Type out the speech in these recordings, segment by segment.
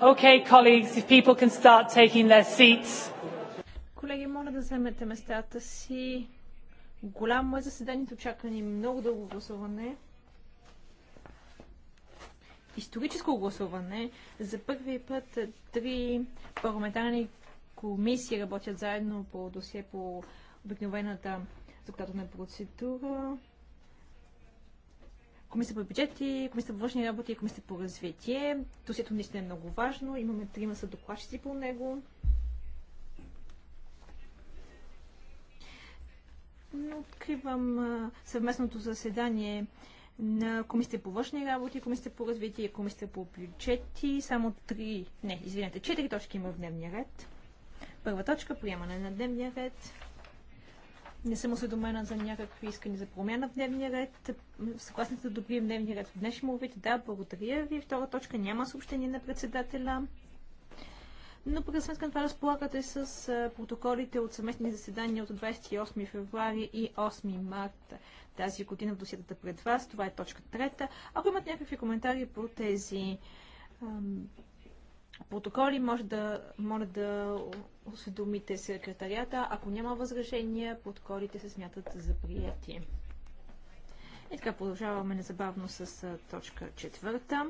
Okay, colleagues, if people can start taking their seats. Колеги, моля да вземете местата си. Голямо е заседанието, чака ни много дълго гласуване. Историческо гласуване. За първи път три парламентарни комисии работят заедно по досие по обикновената законодателна процедура. Комисията по бюджети, Комисията по външни работи и Комисията по развитие. Досието наистина е много важно. Имаме трима са докладчици по него. Но откривам съвместното заседание на Комисията по външни работи, Комисията по развитие и Комисията по бюджети. Само три, не, извинете, четири точки има в дневния ред. Първа точка, приемане на дневния ред не съм осведомена за някакви искани за промяна в дневния ред. Съгласна да добием дневния ред в днешния му вид. Да, благодаря ви. Втора точка няма съобщение на председателя. Но по сметка това разполагате с протоколите от съместни заседания от 28 февруари и 8 март тази година в досиетата пред вас. Това е точка трета. Ако имат някакви коментари по тези протоколи, може да, може да осведомите секретарията. Ако няма възражения, протоколите се смятат за прияти. И така продължаваме незабавно с точка четвърта.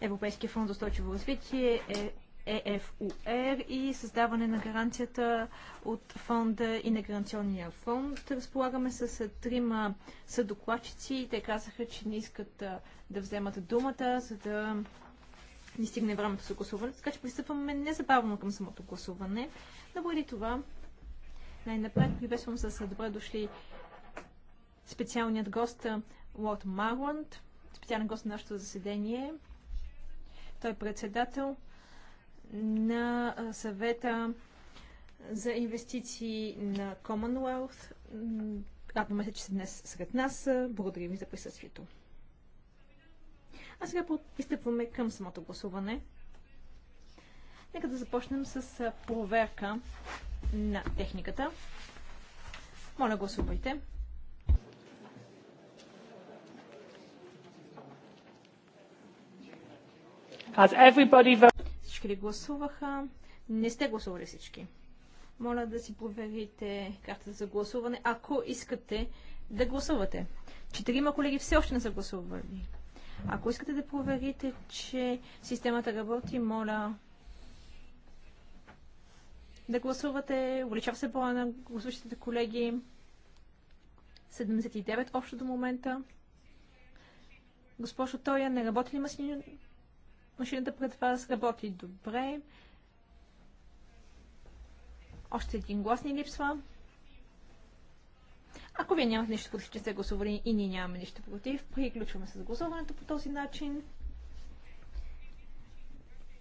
Европейския фонд за устойчиво развитие е ЕФУР и създаване на гаранцията от фонда и на гаранционния фонд. Разполагаме с трима съдокладчици. Те казаха, че не искат да вземат думата, за да ни стигне времето за гласуване, така че пристъпваме незабавно към самото гласуване. Но бъде това, най-напред приветствам с добре дошли специалният гост Лорд Марланд, специален гост на нашето заседение. Той е председател на съвета за инвестиции на Commonwealth. Радваме се, че сте днес сред нас. Благодаря ви за присъствието. А сега пристъпваме към самото гласуване. Нека да започнем с проверка на техниката. Моля, гласувайте. Всички ли гласуваха? Не сте гласували всички. Моля да си проверите карта за гласуване, ако искате да гласувате. Четирима колеги все още не са гласували. Ако искате да проверите, че системата работи, моля да гласувате. Увеличава се броя на гласуващите колеги. 79 общо до момента. Госпожо Тоя, не работи ли машин... машината пред вас? Работи добре. Още един глас ни липсва. Ако вие нямате нещо против, че сте гласували и ние нямаме нищо против, приключваме с гласуването по този начин.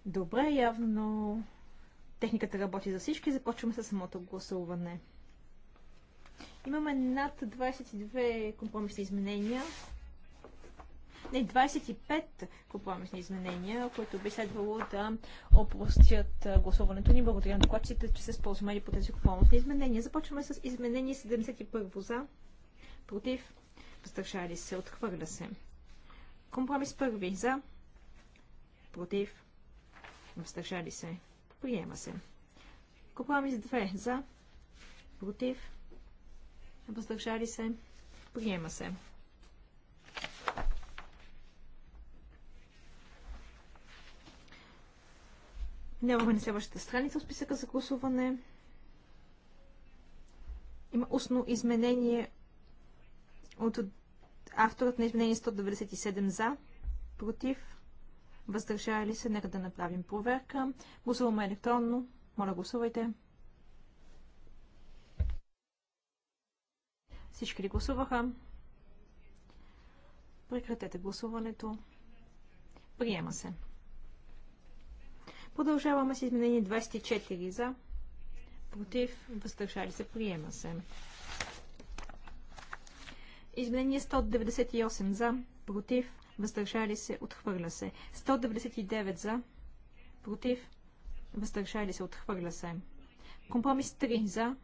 Добре, явно техниката работи за всички. Започваме с самото гласуване. Имаме над 22 компромисни изменения не 25 компромисни изменения, които би следвало да опростят гласуването ни. Благодаря на докладчите, че се споразумели по тези компромисни изменения. Започваме с изменение 71 за, против, въздържали се, отхвърля се. Компромис първи за, против, въздържали се, приема се. Компромис 2 за, против, въздържали се, приема се. Минаваме на следващата страница в списъка за гласуване. Има устно изменение от авторът на изменение 197 за, против, въздържали се. Нека да направим проверка. Гласуваме електронно. Моля, гласувайте. Всички ли гласуваха? Прекратете гласуването. Приема се. Продължаваме с изменение 24 за, против, въздържали се, приема се. Изменение 198 за, против, въздържали се, отхвърля се. 199 за, против, въздържали се, отхвърля се. Компромис 3 за,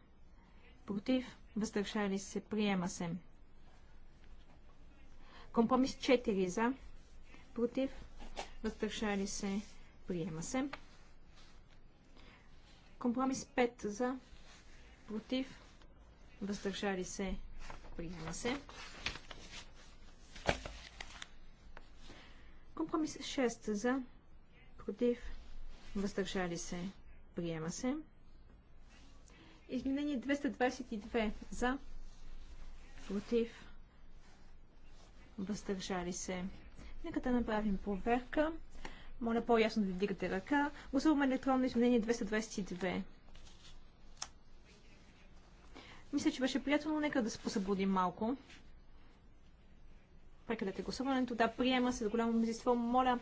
против, въздържали се, приема се. Компромис 4 за, против, въздържали се, приема се. Компромис 5 за, против, въздържали се, приема се. Компромис 6 за, против, въздържали се, приема се. Изменение 222 за, против, въздържали се. Нека да направим проверка. Моля по-ясно да вдигате ръка. Гласуваме електронно изменение 222. Мисля, че беше приятно, но нека да се посъбудим малко. Прекъдете гласуването. Да, приема се до голямо мнозинство. Моля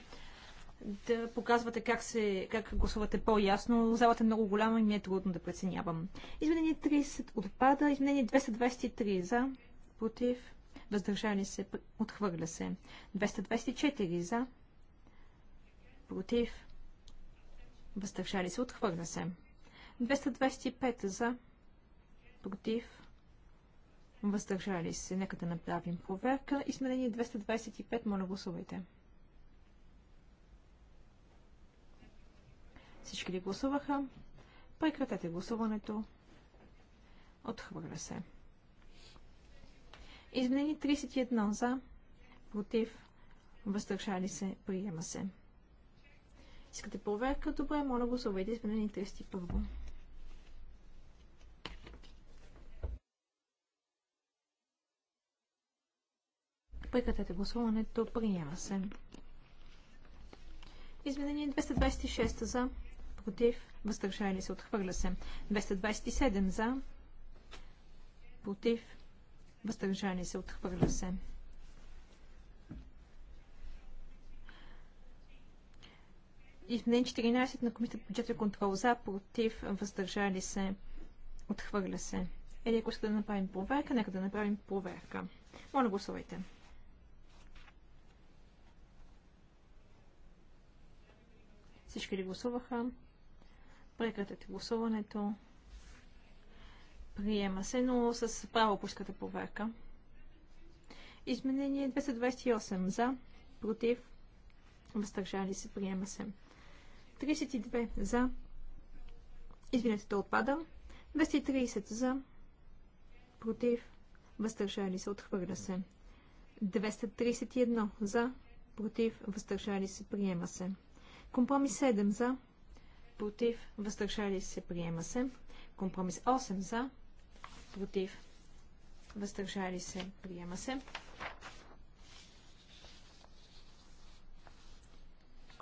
да показвате как, се, как гласувате по-ясно. Залата е много голяма и ми е трудно да преценявам. Изменение 30 отпада. Изменение 223 за, против, въздържали се, отхвърля се. 224 за, против, въздържали се, отхвърля се. 225 за, против, въздържали се. Нека да направим проверка. Изменение 225, моля гласувайте. Всички ли гласуваха? Прекратете гласуването. Отхвърля се. Изменени 31 за, против, въздържали се, приема се. Искате проверка? Добре, моля го гласувайте изменение 31. Прекратете гласуването. Приема се. Изменение 226 за. Против. Въздържали се. Отхвърля се. 227 за. Против. Въздържали се. Отхвърля се. изменен 14 на Комисията по бюджетен контрол за, против, въздържали се, отхвърля се. Или ако искате да направим проверка, нека да направим проверка. Моля, гласувайте. Всички ли гласуваха? Прекратете гласуването. Приема се, но с право пуската проверка. Изменение 228 за, против, въздържали се, приема се. 32 за. Извинете, то отпада. 230 за. Против. Въздържали се. Отхвърля се. 231 за. Против. Въздържали се. Приема се. Компромис 7 за. Против. Въздържали се. Приема се. Компромис 8 за. Против. Въздържали се. Приема се.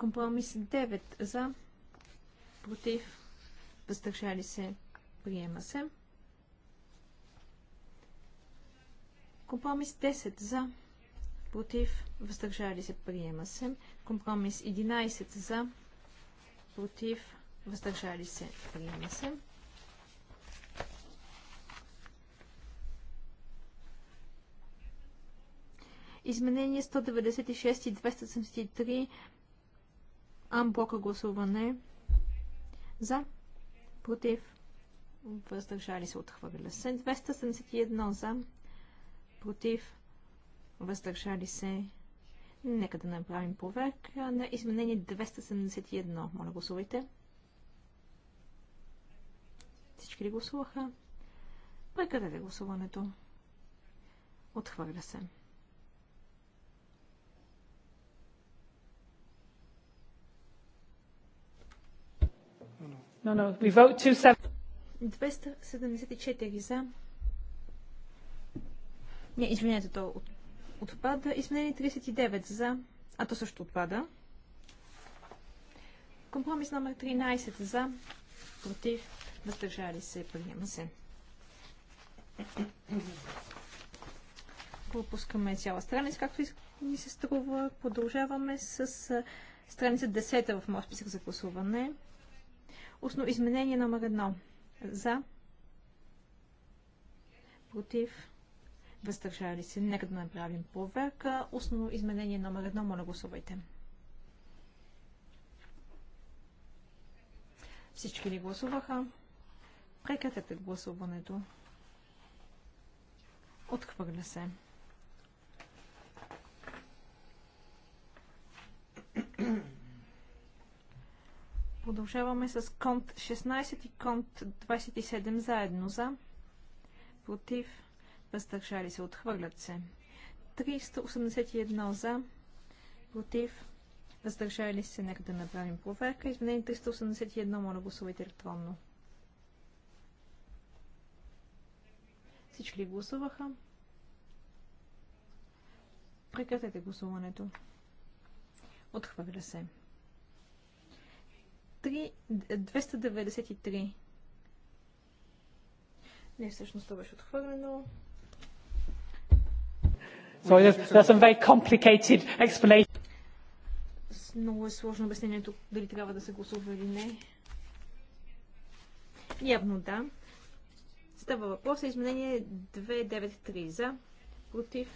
Компромис 9 за, против, въздържали се, приема се. Компромис 10 за, против, въздържали се, приема се. Компромис 11 за, против, въздържали се, приема се. Изменение 196 и 273 Амблока гласуване. За. Против. Въздържали се. Отхвърля се. 271 за. Против. Въздържали се. Нека да направим проверка на изменение 271. Моля, гласувайте. Всички ли гласуваха? Прекратете гласуването. Отхвърля се. No, no, we vote 274 за. Не, извинете, то отпада. Изменение 39 за. А то също отпада. Компромис номер 13 за. Против. Въздържали се. Приема се. Пропускаме цяла страница, както ни се струва. Продължаваме с страница 10 в моят списък за гласуване. Устно изменение номер едно. За. Против. Въздържали се. Нека да направим проверка. Устно изменение номер едно. Моля гласувайте. Всички ли гласуваха? Прекратете гласуването. Отхвърля се. Продължаваме с конт 16 и конт 27 заедно за. Против. Въздържали се. Отхвърлят се. 381 за. Против. Въздържали се. Нека да направим проверка. Извинение 381. Моля гласувайте електронно. Всички ли гласуваха? Прекратете гласуването. Отхвърля се. 293. Не, всъщност това беше отхвърлено. So there's, some very complicated explanation. Много е сложно обяснението дали трябва да се гласува или не. Явно да. Става въпроса изменение 293 за, против,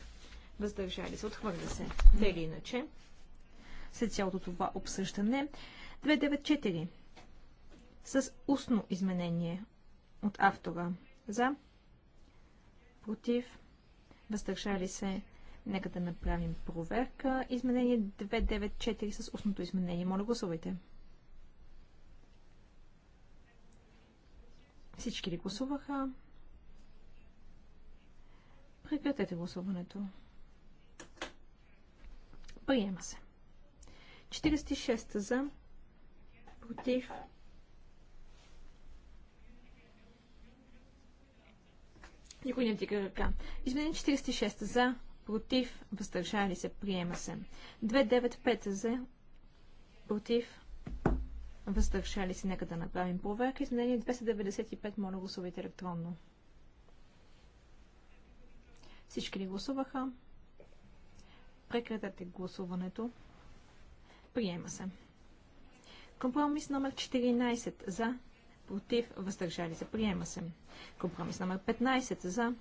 въздържали се, отхвърля се, Дали иначе. След цялото това обсъждане, 294 с устно изменение от автора. За, против, въздържали се. Нека да направим проверка. Изменение 294 с устното изменение. Моля, гласувайте. Всички ли гласуваха? Прекратете гласуването. Приема се. 46 за, против. Никой не вдига ръка. Изменение 46 за, против, въздържали се, приема се. 295 за, против, въздържали се. Нека да направим проверка. Изменение 295, моля гласувайте електронно. Всички ли гласуваха? Прекратете гласуването. Приема се. Компромис номер 14 за, против, въздържали се, приема се. Компромис номер 15 за,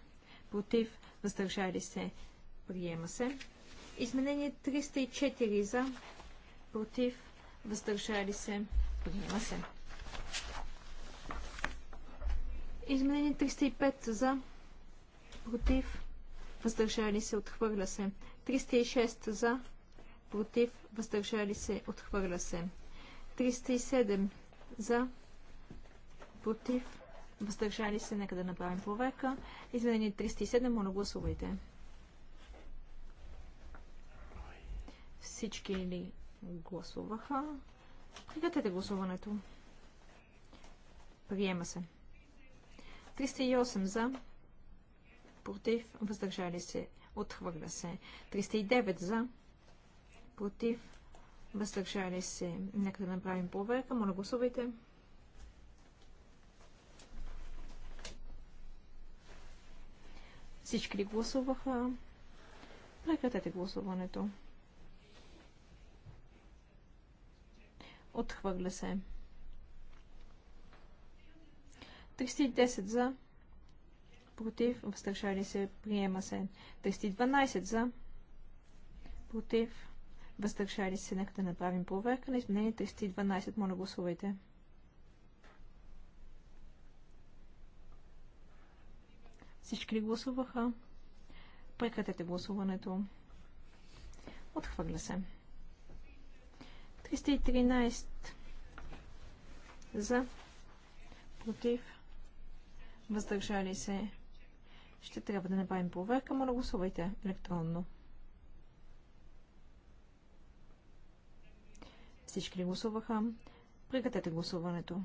против, въздържали се, приема се. Изменение 304 за, против, въздържали се, приема се. Изменение 305 за, против, въздържали се, отхвърля се. 306 за, против, въздържали се, отхвърля се. 307 за, против, въздържали се. Нека да направим проверка. Изменение 307, моля гласувайте. Всички ли гласуваха? Прекратете гласуването. Приема се. 308 за, против, въздържали се, отхвърля се. 309 за, против, въздържали се. Нека да направим проверка. Моля, гласувайте. Всички ли гласуваха? Прекратете гласуването. Отхвърля се. 310 за. Против. Въздържали се. Приема се. 312 за. Против въздържали се. Нека да направим проверка на изменение 312. Моля, гласувайте. Всички ли гласуваха? Прекратете гласуването. Отхвърля се. 313 за, против, въздържали се. Ще трябва да направим проверка, моля гласувайте електронно. Всички ли гласуваха? Прекратете гласуването.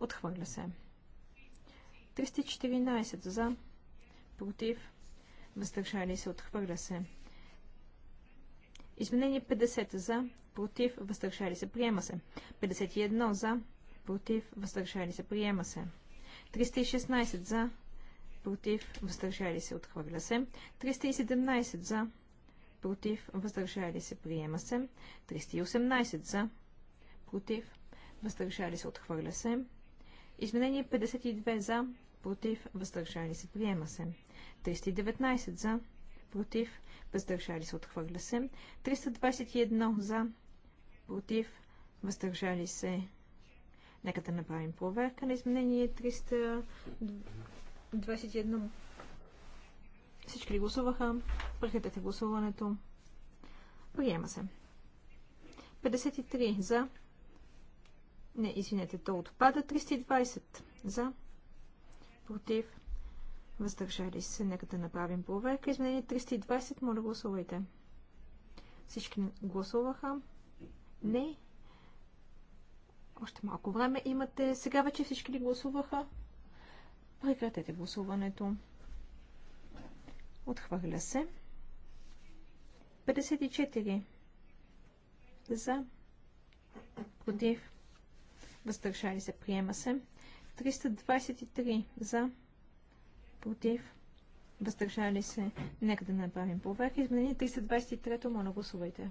Отхвърля се. 314 за, против, въздържали се, отхвърля се. Изменение 50 за, против, въздържали се, приема се. 51 за, против, въздържали се, приема се. 316 за, против, въздържали се, отхвърля се. 317 за, против, въздържали се, приема се. 318 за, против, въздържали се, отхвърля се. Изменение 52 за, против, въздържали се, приема се. 319 за, против, въздържали се, отхвърля се. 321 за, против, въздържали се. Нека да направим проверка на изменение 321 всички ли гласуваха? Прекратете гласуването. Приема се. 53 за. Не, извинете, то отпада. 320 за. Против. Въздържали се. Нека да направим проверка. Изменение 320. Моля, гласувайте. Всички гласуваха. Не. Още малко време имате. Сега вече всички ли гласуваха? Прекратете гласуването. Отхвърля се. 54 за, против, въздържали се, приема се. 323 за, против, въздържали се. Нека да направим проверка. Изменение 323, моля гласувайте.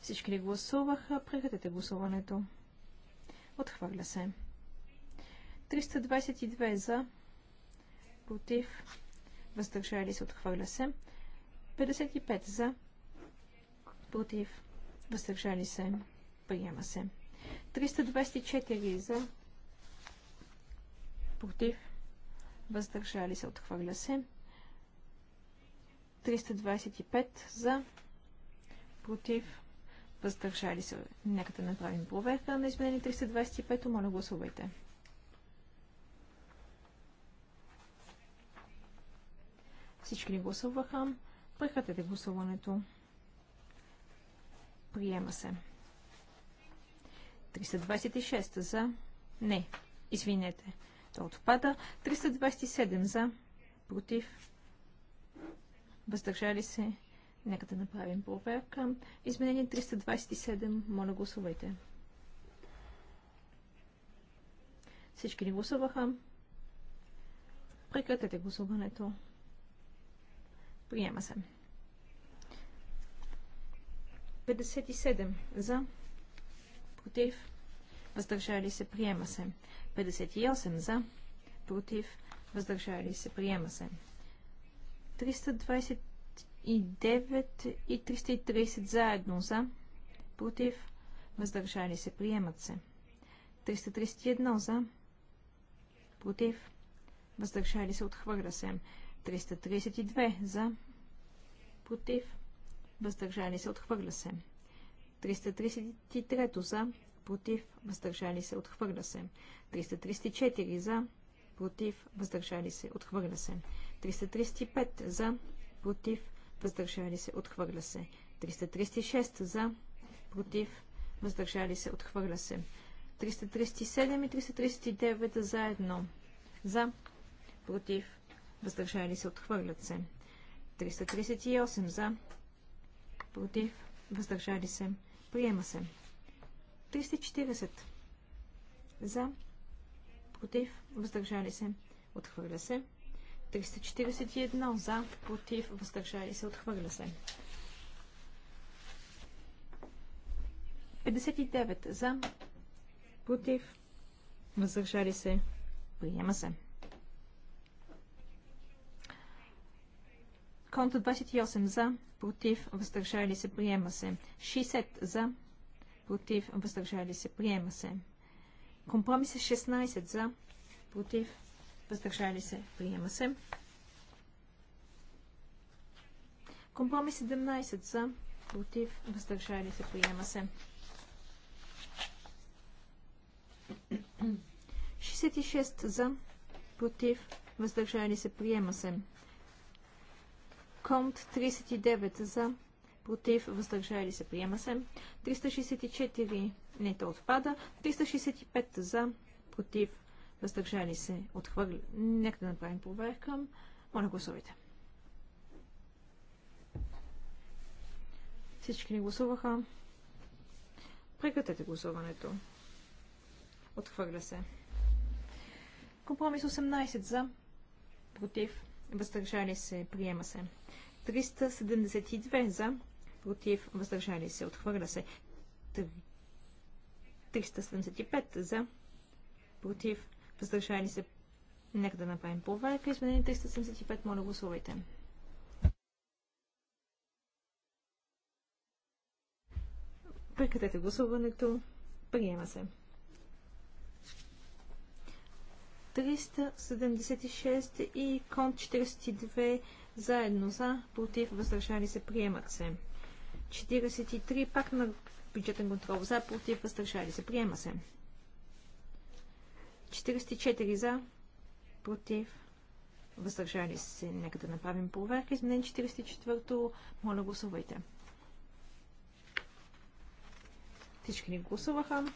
Всички ли гласуваха? Прекратете гласуването. Отхвърля се. 322 за, против, въздържали се, отхвърля се. 55 за, против, въздържали се, приема се. 324 за, против, въздържали се, отхвърля се. 325 за, против, въздържали се. Нека да направим проверка на изменение 325. Моля, гласувайте. Всички ли гласуваха? Прекратете гласуването. Приема се. 326 за. Не. Извинете. То отпада. 327 за. Против. Въздържали се. Нека да направим проверка. Изменение 327. Моля гласувайте. Всички ли гласуваха? Прекратете гласуването. Приема се. 57 за, против, въздържали се, приема се. 58 за, против, въздържали се, приема се. 329 и 330 заедно за, против, въздържали се, приемат се. 331 за, против, въздържали се, отхвърля се. 332 за, против, въздържали се, отхвърля се. 333 за, против, въздържали се, отхвърля се. 334 за, против, въздържали се, отхвърля се. 335 за, против, въздържали се, отхвърля се. 336 за, против, въздържали се, отхвърля се. 337 и 339 заедно. За, против, въздържали се, отхвърлят се. 338 за, против, въздържали се, приема се. 340 за, против, въздържали се, отхвърля се. 341 за, против, въздържали се, отхвърля се. 59 за, против, въздържали се, приема се. Конта 28 за, против, въздържали се, приема се. 60 за, против, въздържали се, приема се. Компромис 16 е за, против, въздържали се, приема се. Компромис 17 е за, против, въздържали се, приема се. 66 за, против, въздържали се, приема се. Комт 39 за, против, въздържали се, приема се. 364, не, то отпада. 365 за, против, въздържали се, отхвърля. Нека да направим проверка. Моля, гласовите. Всички ни гласуваха. Прекратете гласуването. Отхвърля се. Компромис 18 за, против, въздържали се, приема се. 372 за, против, въздържали се, отхвърля се. 375 за, против, въздържали се. Нека да направим проверка. Изменение 375, моля гласувайте. Прекратете гласуването. Приема се. 376 и кон 42 заедно за, против, въздържали се, приемат се. 43 пак на бюджетен контрол за, против, въздържали се, приема се. 44 за, против, въздържали се. Нека да направим проверка. Изменен 44-то, моля гласувайте. Всички ни гласуваха.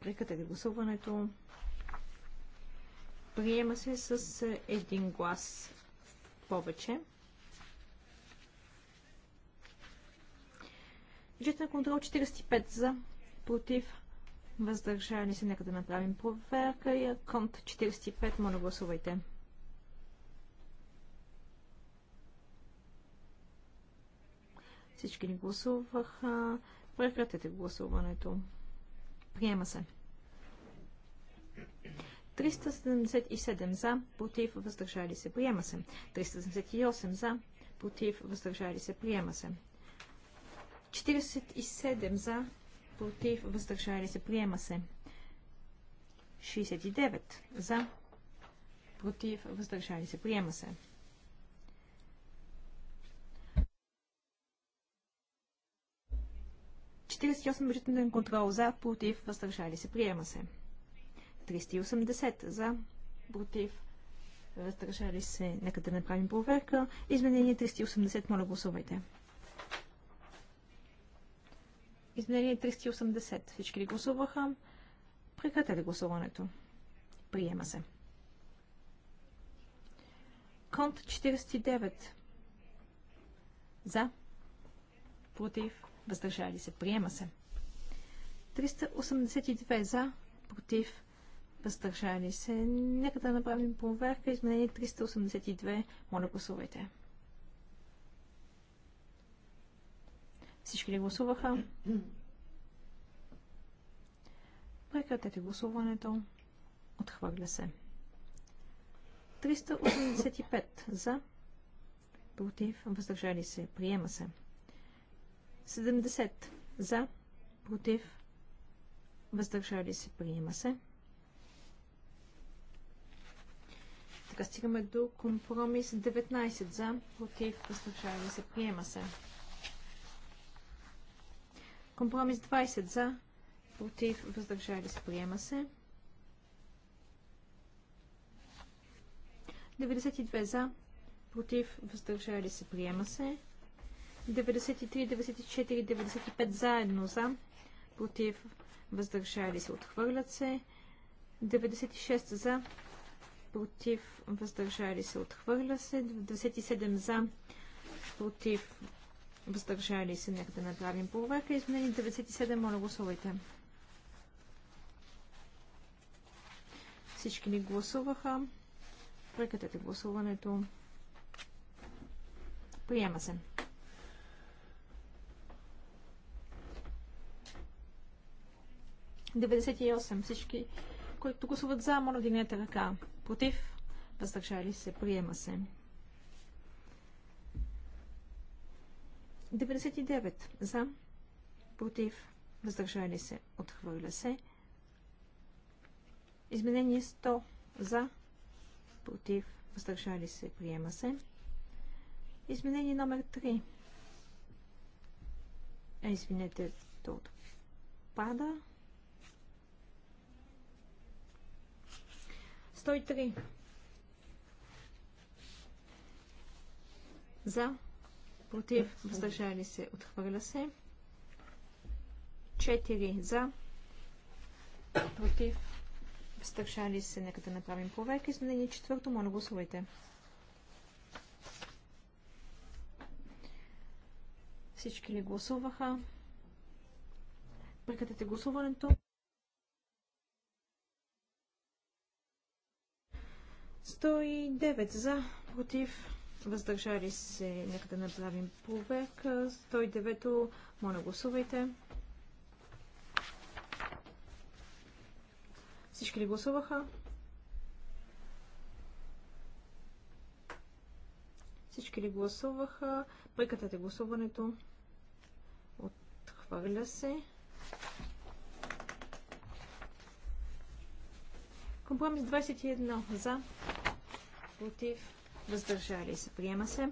Прекратете гласуването. Приема се с е, един глас повече. Бюджет контрол 45 за, против, въздържали се. Нека да направим проверка. И е, конт 45, моля гласувайте. Всички ни гласуваха. Прекратете гласуването. Приема се. 377 за, против, въздържали се, приема се. 378 за, против, въздържали се, приема се. 47 за, против, въздържали се, приема се. 69 за, против, въздържали се, приема се. Четиридесет бюджетен контрол за, против, въздържали се, приема се. 380 за, против, въздържали се. Нека да направим проверка. Изменение 380, моля гласувайте. Изменение 380. Всички ли гласуваха? Прекратете гласуването. Приема се. Конт 49. За. Против. Въздържали се. Приема се. 382 за. Против въздържали се. Нека да направим проверка. Изменение 382. Моля, гласувайте. Всички ли гласуваха? Прекратете гласуването. Отхвърля се. 385 за. Против. Въздържали се. Приема се. 70 за. Против. Въздържали се. Приема се. Така стигаме до компромис 19 за, против, въздържали се, приема се. Компромис 20 за, против, въздържали се, приема се. 92 за, против, въздържали се, приема се. 93, 94, 95 заедно за, против, въздържали се, отхвърлят се. 96 за, против, въздържали се, отхвърля се. 97 за, против, въздържали се. Нека да направим проверка. Изменени 97, моля гласувайте. Всички ли гласуваха? Прекратете гласуването. Приема се. Деветдесет и осем. Всички които гласуват за, моля вдигнете ръка. Против, въздържали се, приема се. 99 за, против, въздържали се, отхвърля се. Изменение 100 за, против, въздържали се, приема се. Изменение номер 3. А, е, извинете, то отпада. 103. За. Против. Въздържали се. Отхвърля се. 4. За. Против. Въздържали се. Нека да направим проверка. Изменение четвърто. Моля гласувайте. Всички ли гласуваха? Прекратете гласуването. 109 за, против, въздържали се. Нека да направим проверка. 109 моля гласувайте. Всички ли гласуваха? Всички ли гласуваха? Прекратете гласуването. Отхвърля се. Компромис 21 за, против, въздържали се, приема се.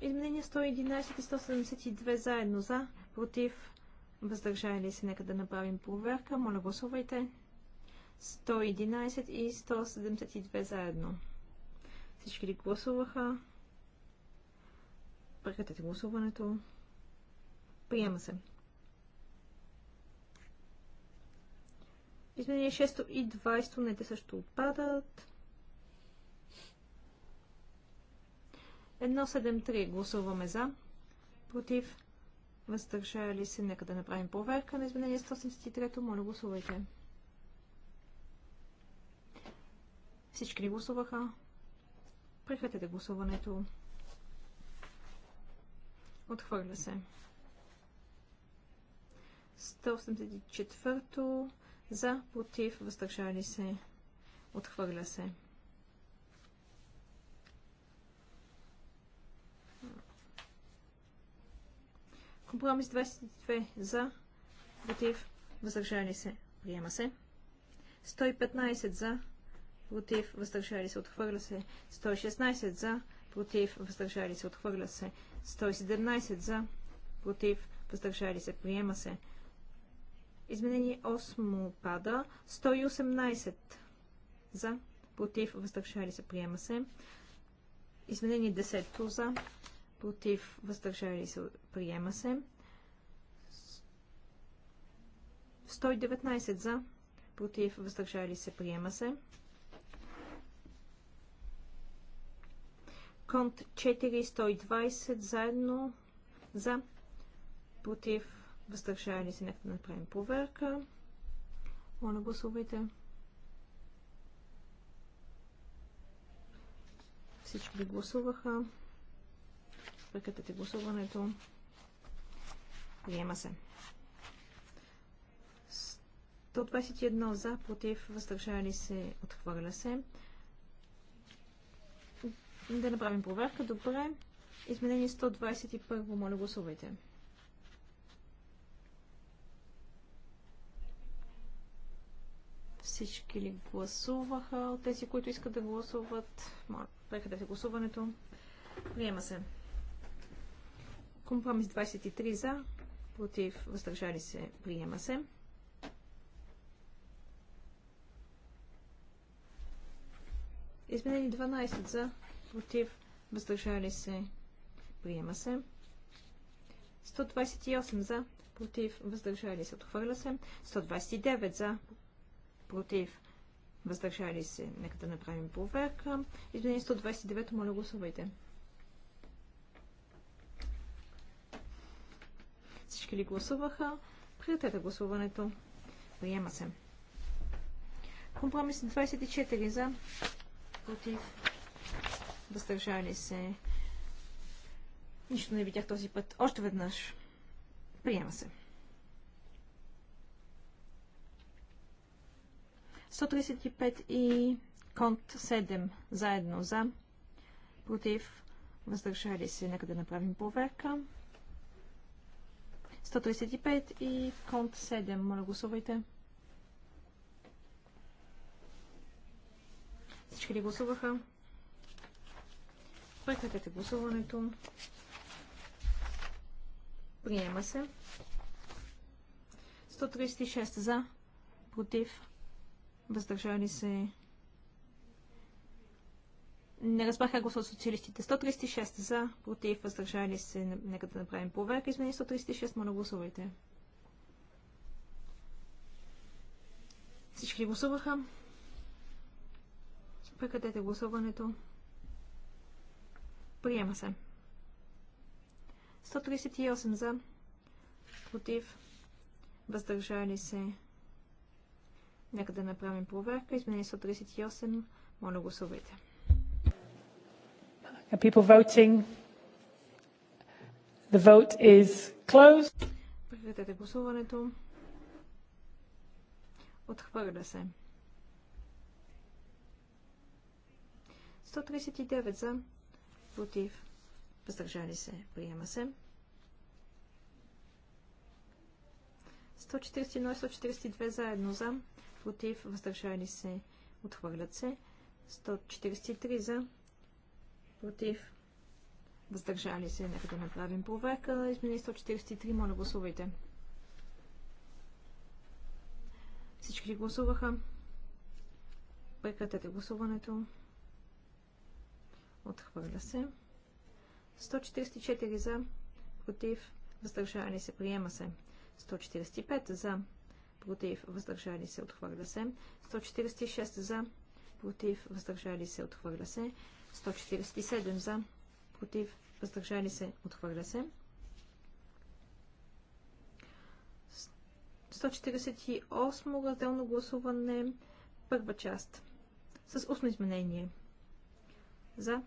Изменения 111 и 172 заедно за, против, въздържали се. Нека да направим проверка. Моля гласувайте. 111 и 172 заедно. Всички ли гласуваха? Прекратете гласуването. Приема се. Изменение 6 и 20, не те също отпадат. 173 гласуваме за, против, въздържали се, нека да направим проверка на изменение 183, моля гласувайте. Всички ли гласуваха? Прекратете гласуването. Отхвърля се. 184-то за, против, въздържали се, отхвърля се. Компромис 22 за, против, въздържали се, приема се. 115 за, против, въздържали се, отхвърля се. 116 за, против, въздържали се, отхвърля се. 117 за, против, въздържали се, приема се. Изменение 8 пада. 118 за, против, въздържали се, приема се. Изменение 10 за, против, въздържали се, приема се. 119 за, против, въздържали се, приема се. Конт 4, 120 заедно за, против, ли се, нека да направим проверка. Моля, гласувайте. Всички ли гласуваха? Прекратете гласуването. Приема се. 121 за, против, ли се, отхвърля се. Да направим проверка. Добре. Изменение 121. Моля, гласувайте. Всички ли гласуваха от тези, които искат да гласуват? Моля, прекратете гласуването. Приема се. Компромис 23 за, против, въздържали се, приема се. Изменени 12 за, против, въздържали се, приема се. 128 за, против, въздържали се, отхвърля се. 129 за, против, въздържали се. Нека да направим проверка. Изменение 129, моля гласувайте. Всички ли гласуваха? Прекратете гласуването. Приема се. Компромис 24 за, против, въздържали се. Нищо не видях този път. Още веднъж. Приема се. 135 и конт 7 заедно за, против, въздържали се. Нека да направим проверка. 135 и конт 7. Моля, гласувайте. Всички ли гласуваха? Прекратете гласуването. Приема се. 136 за, против, въздържали се. Не разбраха гласа са социалистите. 136 за, против, въздържали се. Нека да направим проверка. Измени 136, моля гласувайте. Всички гласуваха. Прекратете гласуването. Приема се. 138 за, против, въздържали се. Нека да направим проверка. Изменение 138. Моля гласувайте. Are people voting? The vote is closed. Прекратете гласуването. Отхвърля се. 139 за, против, въздържали се, приема се. 141 и 142 заедно за, против, въздържали се, отхвърлят се. 143 за, против, въздържали се. Нека да направим проверка. Измени 143, моля гласувайте. Всички ли гласуваха? Прекратете гласуването. Отхвърля се. 144 за, против, въздържали се, приема се. 145 за, против, въздържали се, отхвърля се. 146 за, против, въздържали се, отхвърля се. 147 за, против, въздържали се, отхвърля се. 148 разделно гласуване, първа част, с устно изменение. За,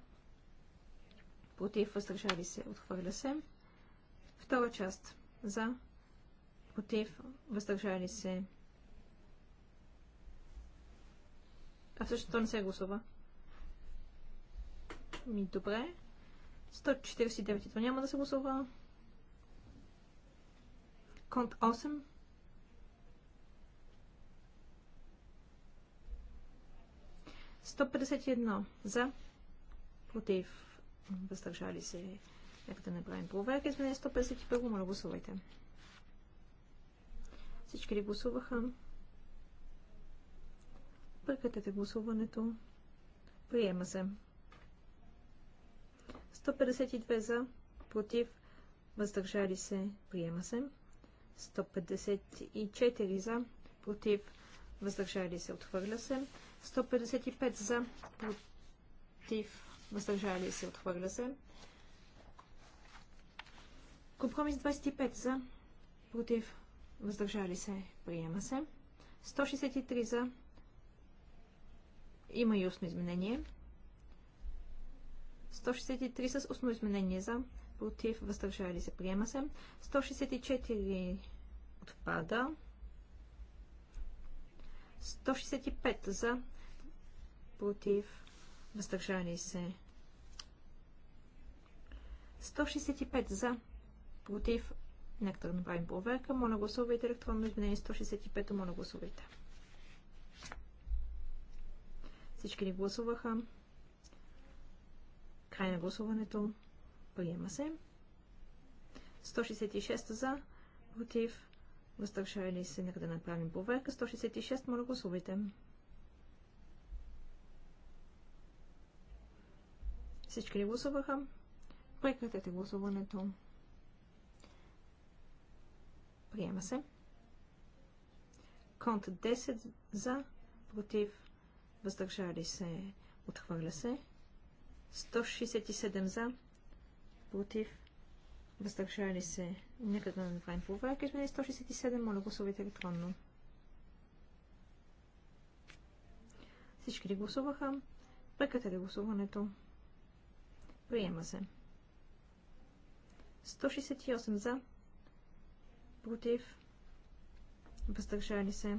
против, въздържали се, отхвърля се. Втора част, за, против, въздържали се. А всъщност то не се гласува. Ми, добре. 149 то няма да се гласува. Конт 8. Сто едно. За. Против. Въздържали се. Нека да направим проверка. Изменение 151. Моля, гласувайте. Всички ли гласуваха? Прекратете гласуването. Приема се. 152 за, против, въздържали се, приема се. 154 за, против, въздържали се, отхвърля се. 155 за, против, въздържали се, отхвърля се. Компромис 25 за, против, въздържали се, приема се. 163 за, има и устно изменение. 163 с устно изменение за, против, въздържали се, приема се. 164 отпада. 165 за, против, въздържали се. 165 за, против, Нека да направим проверка. Моля гласувайте електронно изменение 165. Моля гласувайте. Всички ли гласуваха? Край на гласуването. Приема се. 166 за, против, въздържали се. Нека да направим проверка. 166. Моля гласувайте. Всички ли гласуваха? Прекратете гласуването. Приема се. Конт 10 за, против, въздържали се, отхвърля се. 167 за, против, въздържали се. Нека да направим проверка. Измени 167, моля гласувайте електронно. Всички ли гласуваха? Прекратете гласуването. Приема се. 168 за, против, въздържали се.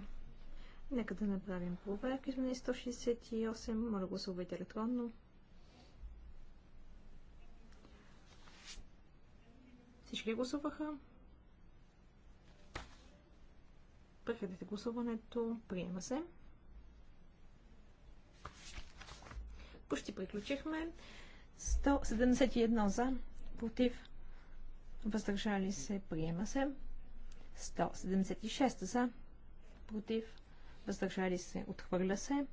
Нека да направим проверка. Измени 168. Моля гласувайте електронно. Всички гласуваха? Прекратете гласуването. Приема се. Почти приключихме. 171 за, против, въздържали се, приема се. 176 за, против, въздържали се, отхвърля се.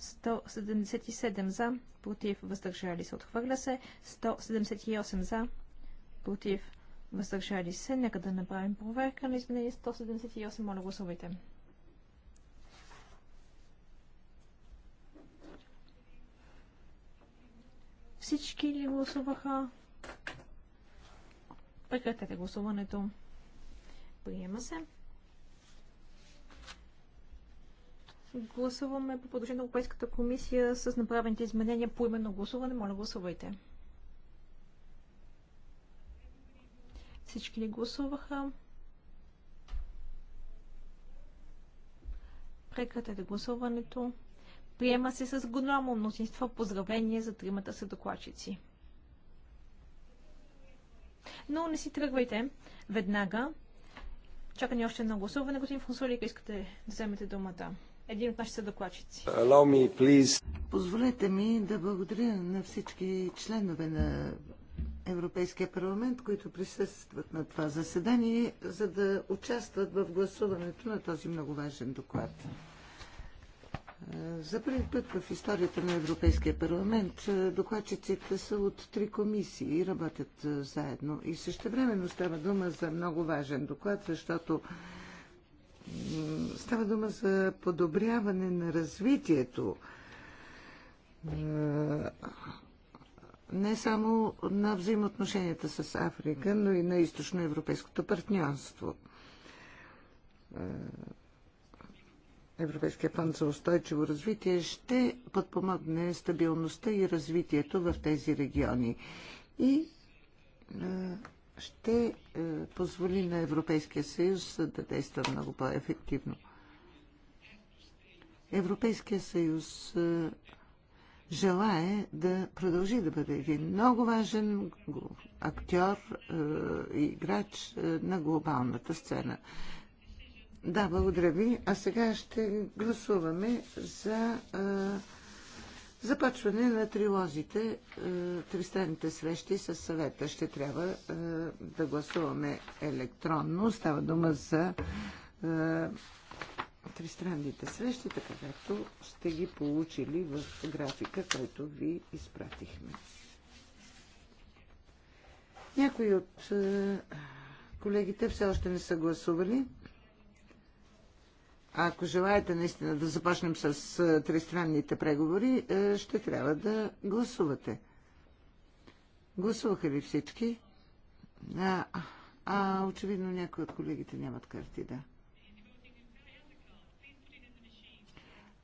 177 за, против, въздържали се, отхвърля се. 178 за, против, въздържали се. Нека да направим проверка на изменение 178. Моля, гласувайте. Всички ли гласуваха? Прекратете гласуването. Приема се. Гласуваме по предложение на Европейската комисия с направените изменения по именно гласуване. Моля, гласувайте. Всички ли гласуваха? Прекратете гласуването. Приема се с голямо мнозинство поздравление за тримата съдокладчици. Но не си тръгвайте веднага. Чака ни още едно гласуване. Господин Фонсолик, искате да вземете думата? Един от нашите докладчици. Me, Позволете ми да благодаря на всички членове на Европейския парламент, които присъстват на това заседание, за да участват в гласуването на този много важен доклад. За първи път в историята на Европейския парламент е, докладчиците са от три комисии и работят е, заедно. И също времено става дума за много важен доклад, защото става дума за подобряване на развитието е, не само на взаимоотношенията с Африка, но и на източноевропейското партньорство Европейския фонд за устойчиво развитие ще подпомогне стабилността и развитието в тези региони и ще позволи на Европейския съюз да действа много по-ефективно. Европейския съюз желае да продължи да бъде един много важен актьор и играч на глобалната сцена. Да, благодаря ви. А сега ще гласуваме за а, започване на трилозите, а, тристранните срещи с съвета. Ще трябва а, да гласуваме електронно. Става дума за а, тристранните срещи, така както сте ги получили в графика, който ви изпратихме. Някои от а, колегите все още не са гласували. Ако желаете наистина да започнем с тристранните преговори, ще трябва да гласувате. Гласуваха ли всички? А, а очевидно някои от колегите нямат карти, да.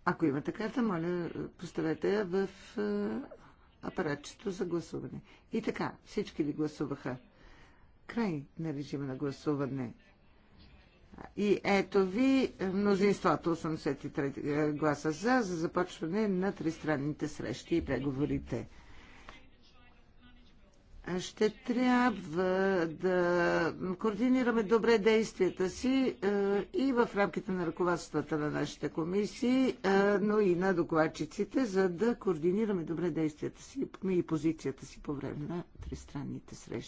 Ако имате карта, моля, поставете я в апаратчето за гласуване. И така, всички ли гласуваха? Край на режима на гласуване. И ето ви мнозинството 83 е, гласа за, за започване на тристранните срещи и преговорите. Ще трябва да координираме добре действията си е, и в рамките на ръководствата на нашите комисии, е, но и на докладчиците, за да координираме добре действията си и позицията си по време на тристранните срещи.